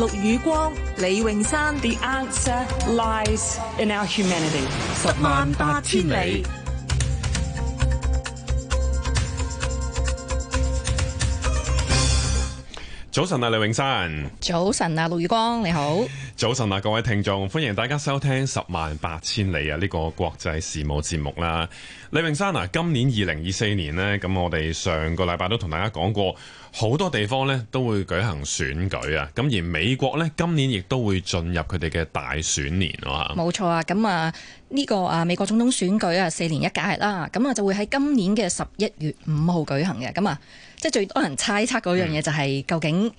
陸宇光、李永山，The Answer Lies in Our Humanity。十萬八千里。早晨啊，李永山。早晨啊，陸宇光，你好。早晨啊，各位聽眾，歡迎大家收聽《十萬八千里》啊，呢個國際事務節目啦。李明山，今年二零二四年呢，咁我哋上個禮拜都同大家講過，好多地方呢都會舉行選舉啊。咁而美國呢今年亦都會進入佢哋嘅大選年啊。冇錯啊，咁啊呢個啊美國總統選舉啊四年一屆啦，咁啊就會喺今年嘅十一月五號舉行嘅。咁啊，即係最多人猜測嗰樣嘢就係、是嗯、究竟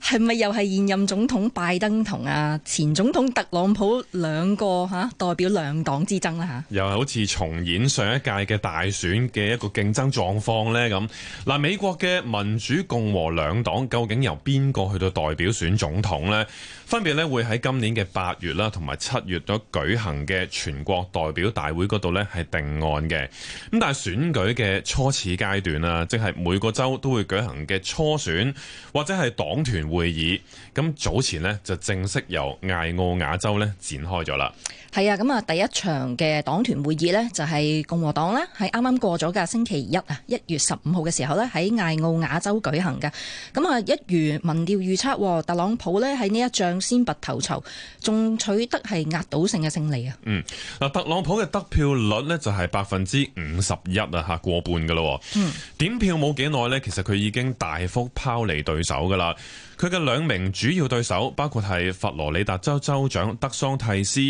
係咪又係現任總統拜登同啊前總統特朗普兩個吓代表兩黨之爭啦吓？又係好似重演上一屆。嘅大選嘅一個競爭狀況咧，咁嗱，美國嘅民主共和兩黨究竟由邊個去到代表選總統咧？分別咧會喺今年嘅八月啦，同埋七月都舉行嘅全國代表大會嗰度咧係定案嘅。咁但係選舉嘅初始階段啦，即係每個州都會舉行嘅初選或者係黨團會議。咁早前咧就正式由艾奧瓦州咧展開咗啦。係啊，咁啊第一場嘅黨團會議咧就係共和黨講咧係啱啱過咗噶，星期一啊，一月十五號嘅時候咧喺艾奧瓦州舉行噶。咁啊，一如民調預測，特朗普呢喺呢一仗先拔頭籌，仲取得係壓倒性嘅勝利啊。嗯，嗱，特朗普嘅得票率呢就係百分之五十一啊，吓過半噶咯。嗯，點票冇幾耐呢，其實佢已經大幅拋離對手噶啦。佢嘅兩名主要對手包括係佛羅里達州州州長德桑蒂斯，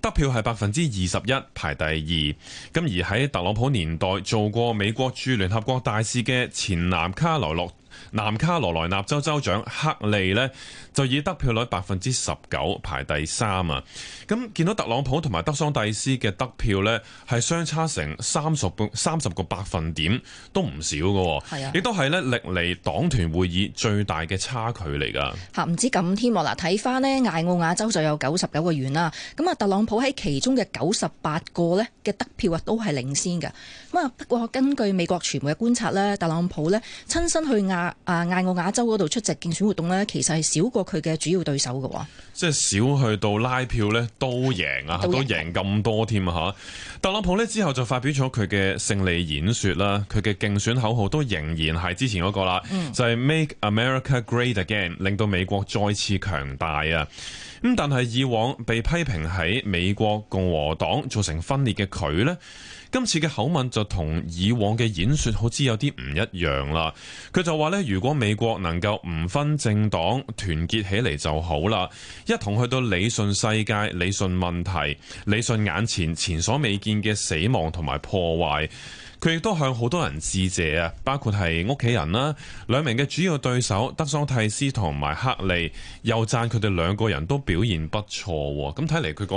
得票係百分之二十一，排第二。咁而喺特朗普年代做過美國駐聯合國大使嘅前南卡羅洛。南卡羅來納州州長克利呢，就以得票率百分之十九排第三啊！咁見到特朗普同埋德桑蒂斯嘅得票呢，係相差成三十個三十個百分點都，都唔少喎。亦都係咧歷嚟黨團會議最大嘅差距嚟噶。吓、啊，唔止咁添喎！嗱，睇翻呢，艾奧瓦州就有九十九個縣啦，咁啊，特朗普喺其中嘅九十八個呢嘅得票啊，都係領先㗎。咁啊，不過根據美國傳媒嘅觀察呢，特朗普呢親身去亞啊！艾奧瓦州嗰度出席競選活動呢，其實係少過佢嘅主要對手嘅，即係少去到拉票呢都贏啊，都贏咁多添啊！吓，特朗普呢之後就發表咗佢嘅勝利演說啦，佢嘅競選口號都仍然係之前嗰個啦，嗯、就係 Make America Great Again，令到美國再次強大啊！咁但係以往被批評喺美國共和黨造成分裂嘅佢呢。今次嘅口吻就同以往嘅演說好似有啲唔一樣啦。佢就話咧，如果美國能夠唔分政黨團結起嚟就好啦，一同去到理順世界、理順問題、理順眼前前所未見嘅死亡同埋破壞。佢亦都向好多人致謝啊，包括係屋企人啦，兩名嘅主要對手德桑蒂斯同埋克利，又讚佢哋兩個人都表現不錯，咁睇嚟佢個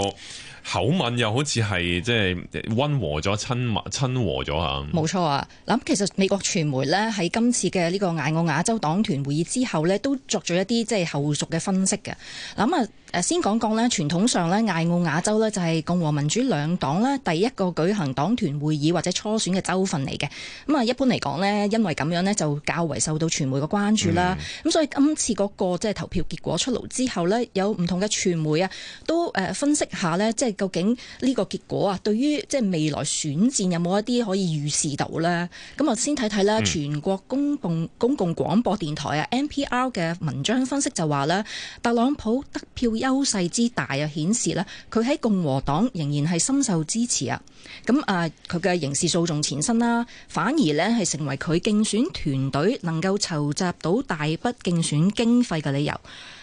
口吻又好似係即係溫和咗、親密親和咗嚇。冇錯啊。咁其實美國傳媒咧，喺今次嘅呢個艾奧亞洲黨團會議之後咧，都作咗一啲即係後續嘅分析嘅。咁啊，誒先講講咧，傳統上咧，艾奧亞洲咧就係共和民主兩黨咧第一個舉行黨團會議或者初選嘅，收分嚟嘅，咁啊，一般嚟講呢，因為咁樣呢，就較為受到傳媒嘅關注啦。咁、嗯、所以今次嗰、那個即係、就是、投票結果出爐之後呢，有唔同嘅傳媒啊，都誒分析一下呢，即、就、係、是、究竟呢個結果啊，對於即係、就是、未來選戰有冇一啲可以預示到呢？咁我先睇睇啦，嗯、全國公共公共廣播電台啊，NPR 嘅文章分析就話咧，特朗普得票優勢之大啊，顯示呢，佢喺共和黨仍然係深受支持啊。咁啊，佢嘅刑事訴訟前。身啦，反而咧係成為佢競選團隊能夠籌集到大筆競選經費嘅理由。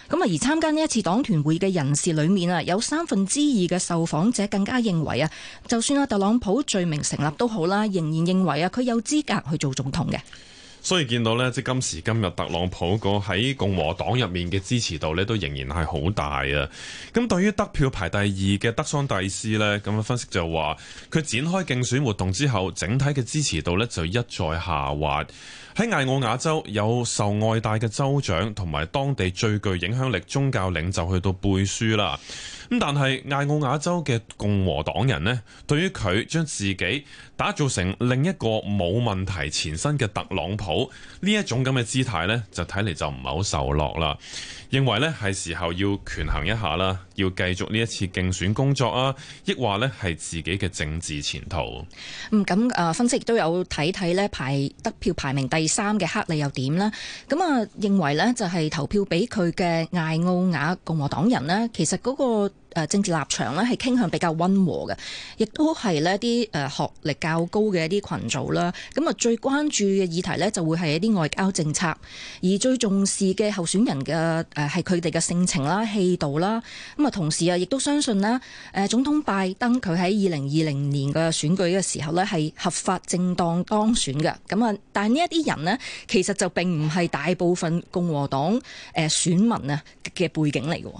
咁啊，而參加呢一次黨團會嘅人士裏面啊，有三分之二嘅受訪者更加認為啊，就算阿特朗普罪名成立都好啦，仍然認為啊，佢有資格去做總統嘅。所以見到咧，即今時今日，特朗普個喺共和黨入面嘅支持度咧，都仍然係好大啊！咁對於得票排第二嘅德桑蒂斯呢，咁樣分析就話，佢展開競選活動之後，整體嘅支持度呢，就一再下滑。喺艾奧亞州有受愛戴嘅州長同埋當地最具影響力宗教領袖去到背書啦。咁但係艾奧亞州嘅共和黨人呢，對於佢將自己打造成另一個冇問題前身嘅特朗普呢一種咁嘅姿態呢，就睇嚟就唔係好受落啦。認為呢係時候要權衡一下啦，要繼續呢一次競選工作啊，抑或係自己嘅政治前途。嗯咁、呃、分析亦都有睇睇呢排得票排名第三嘅黑利又點啦。咁啊，認為呢就係、是、投票俾佢嘅艾奧瓦共和黨人啦。其實嗰、那個誒、呃、政治立場呢係傾向比較溫和嘅，亦都係呢啲誒學歷較高嘅一啲群組啦。咁啊，最關注嘅議題呢就會係一啲外交政策，而最重視嘅候選人嘅。誒係佢哋嘅性情啦、氣度啦，咁啊同時啊，亦都相信啦。誒總統拜登佢喺二零二零年嘅選舉嘅時候呢，係合法正當當選嘅。咁啊，但係呢一啲人呢，其實就並唔係大部分共和黨誒選民啊嘅背景嚟嘅喎。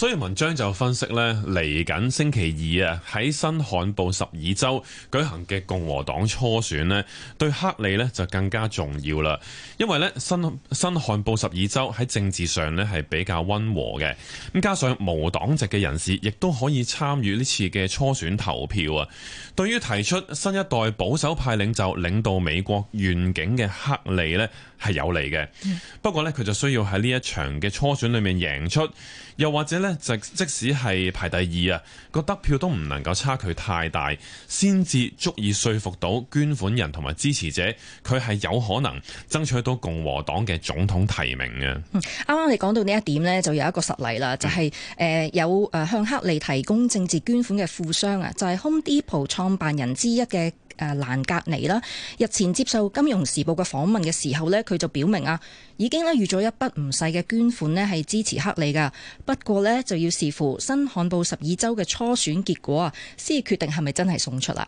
所以文章就分析咧，嚟緊星期二啊，喺新罕布什爾州舉行嘅共和黨初選咧，對黑利咧就更加重要啦。因為咧，新新罕布什爾州喺政治上咧係比較溫和嘅，咁加上無黨籍嘅人士亦都可以參與呢次嘅初選投票啊。對於提出新一代保守派領袖領導，領導美國願景嘅黑利咧係有利嘅，不過咧佢就需要喺呢一場嘅初選裏面贏出，又或者咧。即使係排第二啊，個得票都唔能夠差距太大，先至足以說服到捐款人同埋支持者，佢係有可能爭取到共和黨嘅總統提名嘅。啱啱、嗯、你講到呢一點呢就有一個實例啦，就係、是、誒、嗯呃、有誒向克利提供政治捐款嘅富商啊，就係 Home Depot 創辦人之一嘅誒蘭格尼啦。日前接受《金融時報》嘅訪問嘅時候呢，佢就表明啊，已經咧預咗一筆唔細嘅捐款咧，係支持克利噶，不過呢。」咧就要視乎新罕布什爾州嘅初選結果是啊，先決定係咪真係送出啦。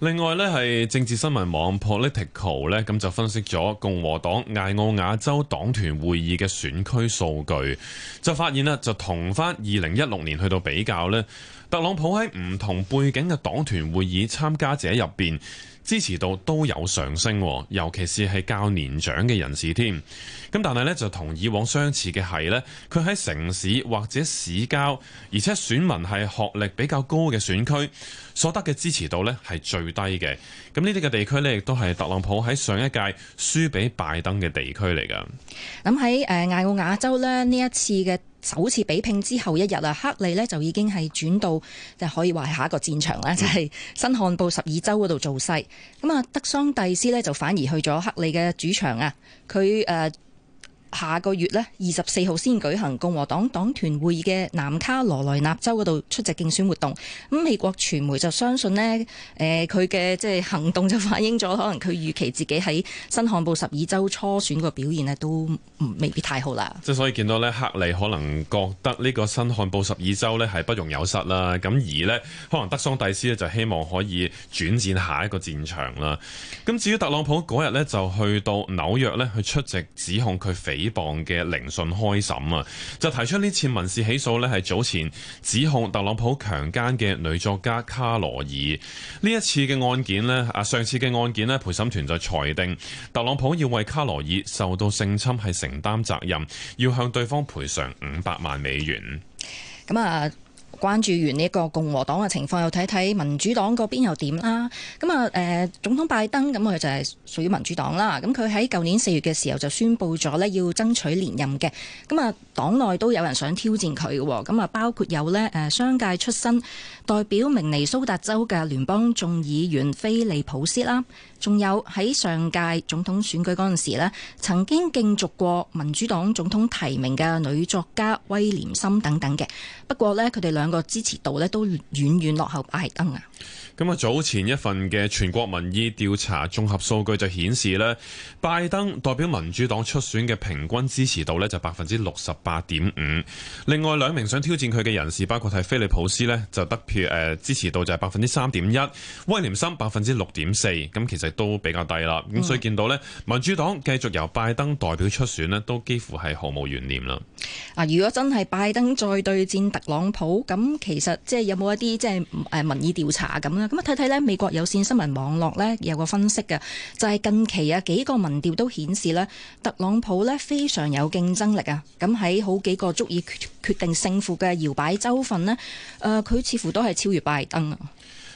另外呢，係政治新聞網 Political 呢，咁就分析咗共和黨艾奧亞州黨團會議嘅選區數據，就發現啦，就同返二零一六年去到比較呢，特朗普喺唔同背景嘅黨團會議參加者入邊，支持度都有上升，尤其是係較年長嘅人士添。咁但係呢，就同以往相似嘅係呢，佢喺城市或者市郊，而且選民係學歷比較高嘅選區，所得嘅支持度呢係最低嘅。咁呢啲嘅地區呢，亦都係特朗普喺上一屆輸俾拜登嘅地區嚟㗎。咁喺誒艾奧瓦州呢，呢一次嘅。首次比拼之後一日啊，克利呢就已經係轉到就可以話係下一個戰場啦，就係、是、新罕布什爾州嗰度造勢。咁啊，德桑蒂斯呢就反而去咗克利嘅主場啊，佢誒。呃下個月二十四號先舉行共和黨黨團會議嘅南卡羅來納州嗰度出席競選活動。咁美國傳媒就相信呢誒佢嘅即係行動就反映咗，可能佢預期自己喺新罕布什爾州初選個表現呢都未必太好啦。即係所以見到呢，克利可能覺得呢個新罕布什爾州呢係不容有失啦。咁而呢，可能德桑蒂斯呢就希望可以轉戰下一個戰場啦。咁至於特朗普嗰日呢，就去到紐約呢去出席指控佢肥幾磅嘅聆訊開審啊，就提出呢次民事起訴呢係早前指控特朗普強奸嘅女作家卡羅爾。呢一次嘅案件呢，啊上次嘅案件呢，陪審團就裁定特朗普要為卡羅爾受到性侵係承擔責任，要向對方賠償五百萬美元。咁啊。關注完呢個共和黨嘅情況，又睇睇民主黨嗰邊又點啦。咁啊，誒總統拜登咁佢就係屬於民主黨啦。咁佢喺舊年四月嘅時候就宣布咗呢，要爭取連任嘅。咁啊，黨內都有人想挑戰佢嘅。咁啊，包括有呢誒商界出身代表明尼蘇達州嘅聯邦眾議員菲利普斯啦，仲有喺上屆總統選舉嗰陣時呢，曾經競逐過民主黨總統提名嘅女作家威廉森等等嘅。不過呢，佢哋兩兩個支持度咧，都遠遠落後拜登啊。咁啊，早前一份嘅全國民意調查綜合數據就顯示咧，拜登代表民主黨出選嘅平均支持度咧就百分之六十八點五。另外兩名想挑戰佢嘅人士，包括係菲利普斯咧，就得票誒支持度就係百分之三點一，威廉森百分之六點四。咁其實都比較低啦。咁所以見到咧，民主黨繼續由拜登代表出選咧，都幾乎係毫無懸念啦。啊，如果真係拜登再對戰特朗普，咁其實即係有冇一啲即係誒民意調查咁咁睇睇咧，看看美國有線新聞網絡咧有個分析嘅，就係、是、近期啊幾個民調都顯示咧，特朗普咧非常有競爭力啊。咁喺好幾個足以決定勝負嘅搖擺州份呢，誒、呃、佢似乎都係超越拜登啊。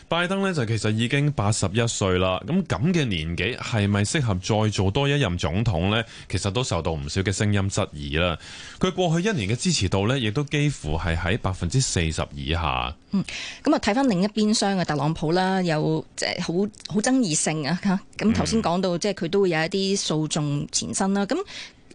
拜登呢，就其實已經八十一歲啦，咁咁嘅年紀係咪適合再做多一任總統呢？其實都受到唔少嘅聲音質疑啦。佢過去一年嘅支持度呢，亦都幾乎係喺百分之四十以下。嗯，咁啊睇翻另一邊廂嘅特朗普啦，有即係好好爭議性啊吓。咁頭先講到、嗯、即係佢都會有一啲訴訟纏身啦，咁。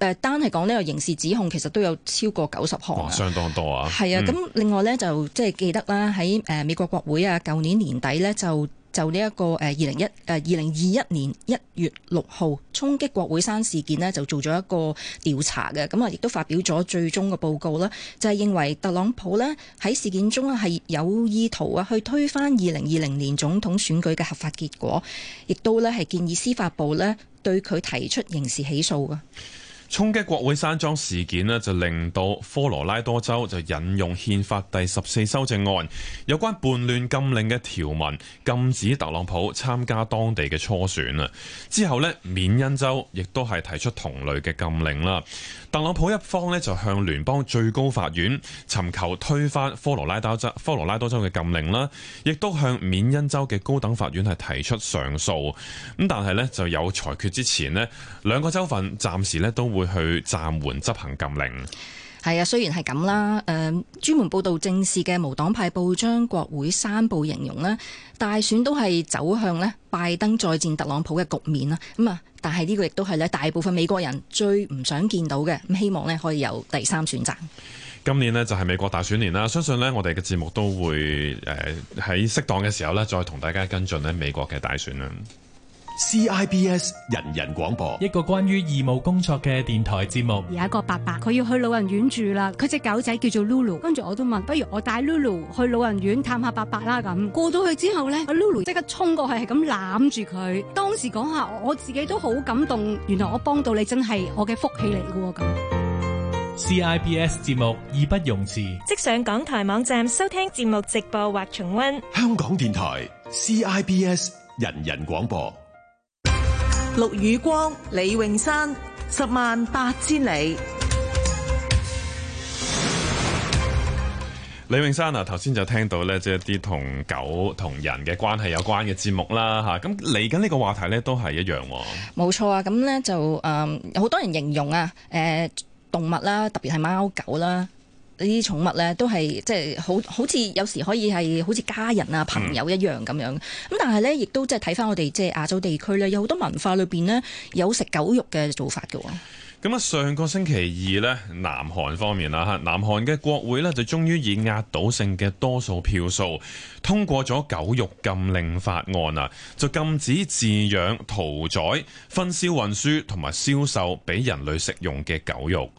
誒、呃、單係講呢個刑事指控，其實都有超過九十項，相當多啊。係啊的，咁、嗯、另外呢，就即係記得啦，喺美國國會啊，舊年年底呢，就就呢一個誒二零一誒二零二一年一月六號衝擊國會山事件呢，就做咗一個調查嘅咁啊，亦都發表咗最終嘅報告啦，就係認為特朗普呢，喺事件中係有意圖啊去推翻二零二零年總統選舉嘅合法結果，亦都呢係建議司法部呢對佢提出刑事起訴噶。衝擊國會山莊事件呢就令到科羅拉多州就引用憲法第十四修正案有關叛亂禁令嘅條文，禁止特朗普參加當地嘅初選啊。之後呢，緬因州亦都係提出同類嘅禁令啦。特朗普一方呢，就向聯邦最高法院尋求推翻科羅拉多州科羅拉多州嘅禁令啦，亦都向緬因州嘅高等法院係提出上訴。咁但係呢，就有裁決之前呢兩個州份暫時呢都會。會去暫緩執行禁令，係啊，雖然係咁啦，誒、呃，專門報道正式嘅無黨派報章國會山報形容咧，大選都係走向拜登再戰特朗普嘅局面啦，咁啊，但係呢個亦都係咧大部分美國人最唔想見到嘅，咁希望呢可以有第三選擇。今年呢就係美國大選年啦，相信呢我哋嘅節目都會誒喺適當嘅時候呢再同大家跟進美國嘅大選啦。CIBS 人人廣播，一個關於義務工作嘅電台節目。而一個伯伯佢要去老人院住啦。佢隻狗仔叫做 Lulu，跟住我都問，不如我帶 Lulu 去老人院探下伯伯啦。咁過到去之後咧，阿 Lulu 即刻衝過去，係咁攬住佢。當時講下我自己都好感動，原來我幫到你真係我嘅福氣嚟噶咁。CIBS 節目義不容辭，即上港台網站收聽節目直播或重溫香港電台 CIBS 人人廣播。陸宇光、李永山，十萬八千里。李永山啊，頭先就聽到咧，即係一啲同狗同人嘅關係有關嘅節目啦，吓，咁嚟緊呢個話題咧都係一樣。冇錯啊，咁咧就嗯好、呃、多人形容啊，誒、呃、動物啦，特別係貓狗啦。呢啲寵物咧，都係即係好好似有時可以係好似家人啊、朋友一樣咁樣，咁、嗯、但係咧，亦都即係睇返我哋即係亞洲地區咧，有好多文化裏邊咧有食狗肉嘅做法㗎喎、哦。咁啊！上個星期二呢，南韓方面啦，吓，南韓嘅國會呢，就終於以壓倒性嘅多數票數通過咗狗肉禁令法案啊，就禁止飼養、屠宰、分銷、運輸同埋銷售俾人類食用嘅狗肉。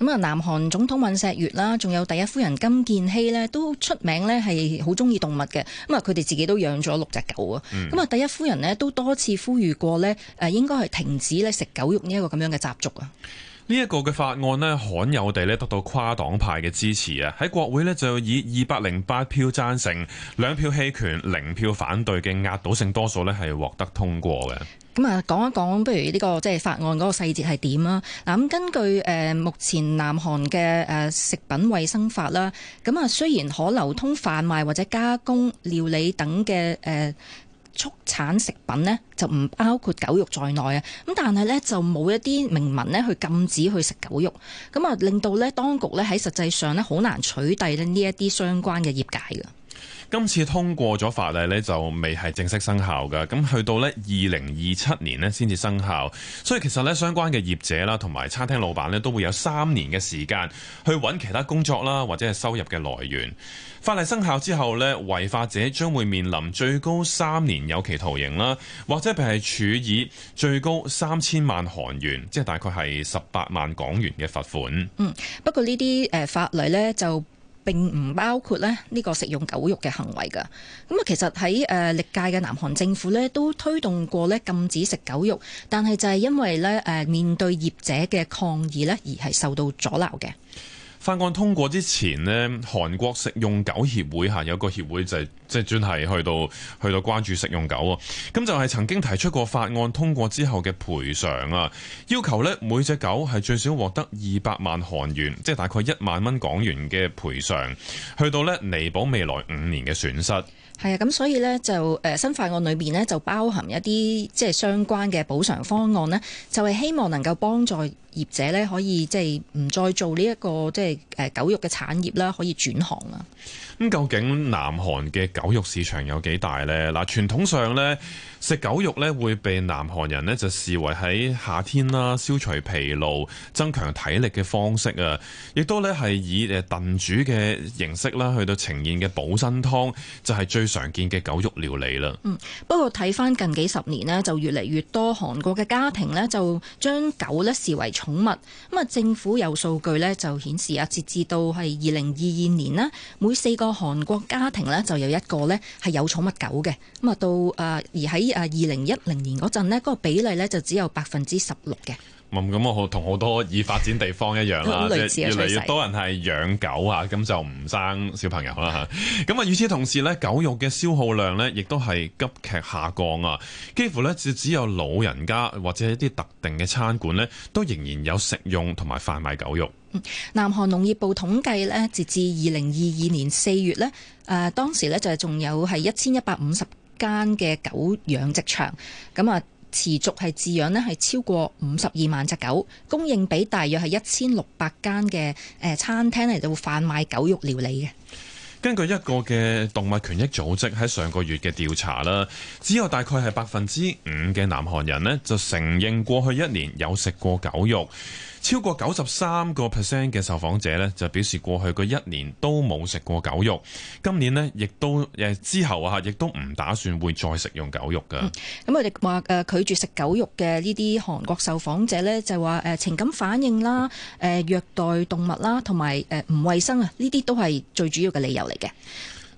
咁啊，南韓總統尹錫月啦，仲有第一夫人金建希呢，都出名呢，係好鍾意動物嘅。咁啊，佢哋自己都養咗六隻狗啊。咁啊、嗯，第一夫人呢，都多次呼籲過呢，誒應該係停止咧食狗肉呢一個咁樣嘅習俗啊。呢一個嘅法案呢，罕有地咧得到跨黨派嘅支持啊！喺國會呢，就以二百零八票贊成、兩票棄權、零票反對嘅壓倒性多數呢，係獲得通過嘅。咁啊，講一講不如呢個即係法案嗰個細節係點啊？嗱，咁根據誒、呃、目前南韓嘅誒食品衛生法啦，咁、呃、啊雖然可流通販賣或者加工料理等嘅誒。呃畜產食品呢，就唔包括狗肉在內啊，咁但係呢，就冇一啲明文呢去禁止去食狗肉，咁啊令到呢當局呢，喺實際上呢，好難取締呢一啲相關嘅業界嘅。今次通過咗法例呢，就未係正式生效嘅。咁去到呢二零二七年呢，先至生效。所以其實呢，相關嘅業者啦，同埋餐廳老闆呢，都會有三年嘅時間去揾其他工作啦，或者係收入嘅來源。法例生效之後呢，違法者將會面臨最高三年有期徒刑啦，或者係處以最高三千萬韓元，即係大概係十八萬港元嘅罰款。嗯，不過呢啲誒法例呢，就，並唔包括咧呢個食用狗肉嘅行為噶，咁啊其實喺誒歷屆嘅南韓政府咧都推動過咧禁止食狗肉，但係就係因為咧誒面對業者嘅抗議咧而係受到阻撓嘅。法案通過之前咧，韓國食用狗協會嚇有個協會就係即係專係去到去到關注食用狗喎，咁就係曾經提出過法案通過之後嘅賠償啊，要求咧每隻狗係最少獲得二百萬韓元，即係大概一萬蚊港元嘅賠償，去到咧彌補未來五年嘅損失。係啊，咁所以呢，就誒新法案裏面呢，就包含一啲即係相關嘅補償方案呢就係希望能夠幫助。業者咧可以即係唔再做呢一個即係誒狗肉嘅產業啦，可以轉行啊！咁究竟南韓嘅狗肉市場有幾大呢？嗱，傳統上呢，食狗肉咧會被南韓人咧就視為喺夏天啦消除疲勞、增強體力嘅方式啊，亦都咧係以誒燉煮嘅形式啦去到呈現嘅補身湯就係最常見嘅狗肉料理啦。嗯，不過睇返近幾十年咧就越嚟越多韓國嘅家庭咧就將狗咧視為寵物。咁啊，政府有數據咧就顯示啊，截至到係二零二二年啦，每四個個韓國家庭咧就有一個咧係有寵物狗嘅。咁啊到誒而喺誒二零一零年嗰陣咧，嗰個比例咧就只有百分之十六嘅。咁咁我好同好多已發展地方一樣啦，越嚟越多人係養狗啊，咁就唔生小朋友啦吓，咁啊，嗯、與此同時呢狗肉嘅消耗量呢亦都係急劇下降啊！幾乎呢，就只有老人家或者一啲特定嘅餐館呢，都仍然有食用同埋販賣狗肉。南韓農業部統計呢，截至二零二二年四月呢，誒當時呢，就係仲有係一千一百五十間嘅狗養殖場，咁啊。持續係飼養呢，係超過五十二萬隻狗，供應俾大約係一千六百間嘅誒餐廳嚟到販賣狗肉料理嘅。根據一個嘅動物權益組織喺上個月嘅調查啦，只有大概係百分之五嘅南韓人呢，就承認過去一年有食過狗肉。超過九十三個 percent 嘅受訪者呢就表示過去嗰一年都冇食過狗肉，今年呢亦都誒、呃、之後啊亦都唔打算會再食用狗肉噶。咁佢哋話誒拒絕食狗肉嘅呢啲韓國受訪者呢，就話誒、呃、情感反應啦，誒、呃、虐待動物啦，同埋誒唔衛生啊，呢啲都係最主要嘅理由嚟嘅。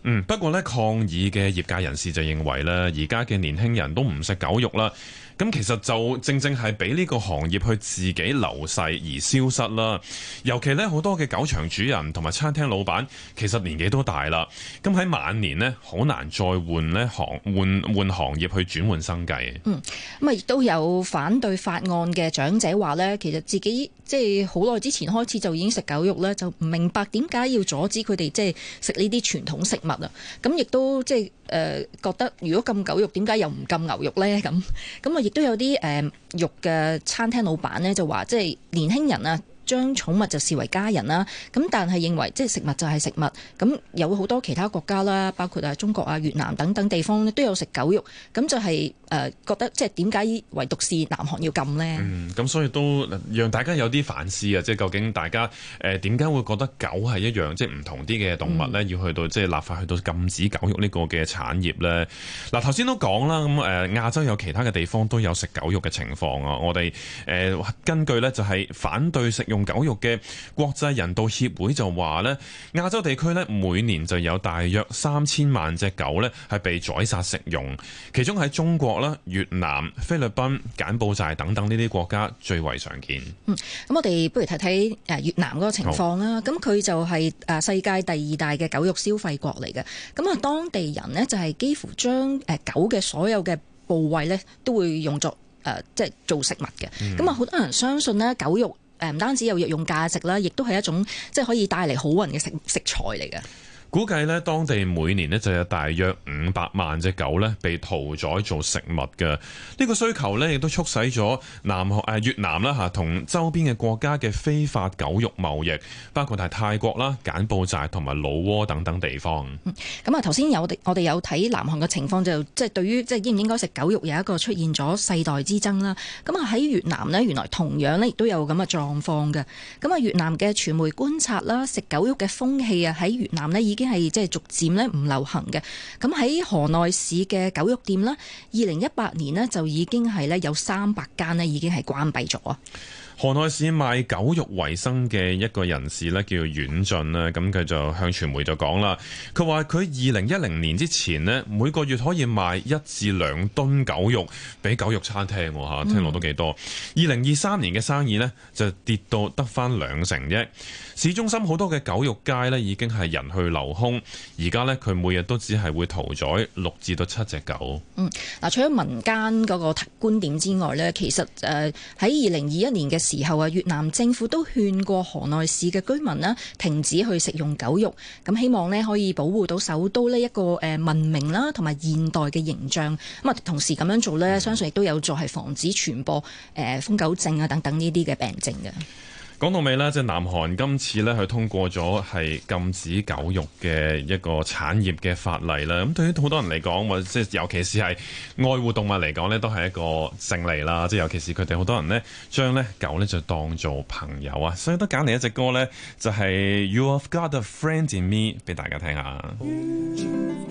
嗯，不過呢，抗議嘅業界人士就認為呢而家嘅年輕人都唔食狗肉啦。咁其實就正正係俾呢個行業去自己流逝而消失啦。尤其呢，好多嘅狗場主人同埋餐廳老闆，其實年紀都大啦。咁喺晚年呢，好難再換呢行換，換行業去轉換生計。嗯，咁啊，亦都有反對法案嘅長者話呢，其實自己即係好耐之前開始就已經食狗肉咧，就唔明白點解要阻止佢哋即係食呢啲傳統食物啊。咁亦都即係。誒、呃、覺得如果禁狗肉，點解又唔禁牛肉咧？咁咁啊，亦都有啲誒、呃、肉嘅餐廳老闆咧，就話即係年輕人啊。將寵物就視為家人啦，咁但係認為即係食物就係食物，咁有好多其他國家啦，包括啊中國啊、越南等等地方都有食狗肉，咁就係誒覺得即係點解唯獨是南韓要禁呢？嗯，咁所以都讓大家有啲反思啊，即係究竟大家誒點解會覺得狗係一樣即係唔同啲嘅動物呢？嗯、要去到即係立法去到禁止狗肉呢個嘅產業呢？嗱、啊，頭先都講啦，咁、嗯、誒亞洲有其他嘅地方都有食狗肉嘅情況啊，我哋誒、呃、根據呢就係反對食用狗肉嘅國際人道協會就話呢，亞洲地區呢，每年就有大約三千萬隻狗呢係被宰殺食用，其中喺中國啦、越南、菲律賓、柬埔寨等等呢啲國家最為常見。嗯，咁我哋不如睇睇越南嗰個情況啦。咁佢好就係世界第二大嘅狗肉消費國嚟嘅。咁啊，當地人呢，就係幾乎將狗嘅所有嘅部位呢都會用作即係、呃就是、做食物嘅。咁啊、嗯，好多人相信呢狗肉。誒唔單止有藥用價值啦，亦都係一種即係可以帶嚟好運嘅食食材嚟嘅。估計咧，當地每年咧就有大約五百萬隻狗咧被屠宰做食物嘅。呢個需求咧，亦都促使咗南韓誒越南啦嚇同周邊嘅國家嘅非法狗肉貿易，包括係泰國啦、柬埔寨同埋老撾等等地方。咁啊，頭先有我哋有睇南韓嘅情況，就即係對於即係應唔應該食狗肉有一個出現咗世代之爭啦。咁啊喺越南呢，原來同樣咧亦都有咁嘅狀況嘅。咁啊，越南嘅傳媒觀察啦，食狗肉嘅風氣啊喺越南呢已已經係即係逐漸咧唔流行嘅，咁喺河內市嘅狗肉店啦，二零一八年呢就已經係咧有三百間咧已經係關閉咗。河內市賣狗肉為生嘅一個人士呢叫，阮俊啦，咁佢就向傳媒就講啦，佢話佢二零一零年之前呢每個月可以賣一至兩噸狗肉俾狗肉餐廳。哦，吓聽落都幾多。二零二三年嘅生意呢，就跌到得返兩成億，市中心好多嘅狗肉街呢，已經係人去樓空，而家呢，佢每日都只係會屠宰六至到七隻狗。嗱、嗯，除咗民間嗰個觀點之外呢，其實誒喺二零二一年嘅時候啊，越南政府都勸過河內市嘅居民咧，停止去食用狗肉，咁希望咧可以保護到首都咧一個誒文明啦同埋現代嘅形象，咁啊同時咁樣做咧，相信亦都有助係防止傳播誒瘋狗症啊等等呢啲嘅病症嘅。講到尾咧，即係南韓今次咧，佢通過咗係禁止狗肉嘅一個產業嘅法例啦。咁對於好多人嚟講，或者即係尤其是係愛護動物嚟講咧，都係一個勝利啦。即係尤其是佢哋好多人咧，將咧狗咧就當做朋友啊。所以都揀嚟一隻歌咧，就是，就係 You've Got a Friend in Me 俾大家聽下。嗯嗯嗯嗯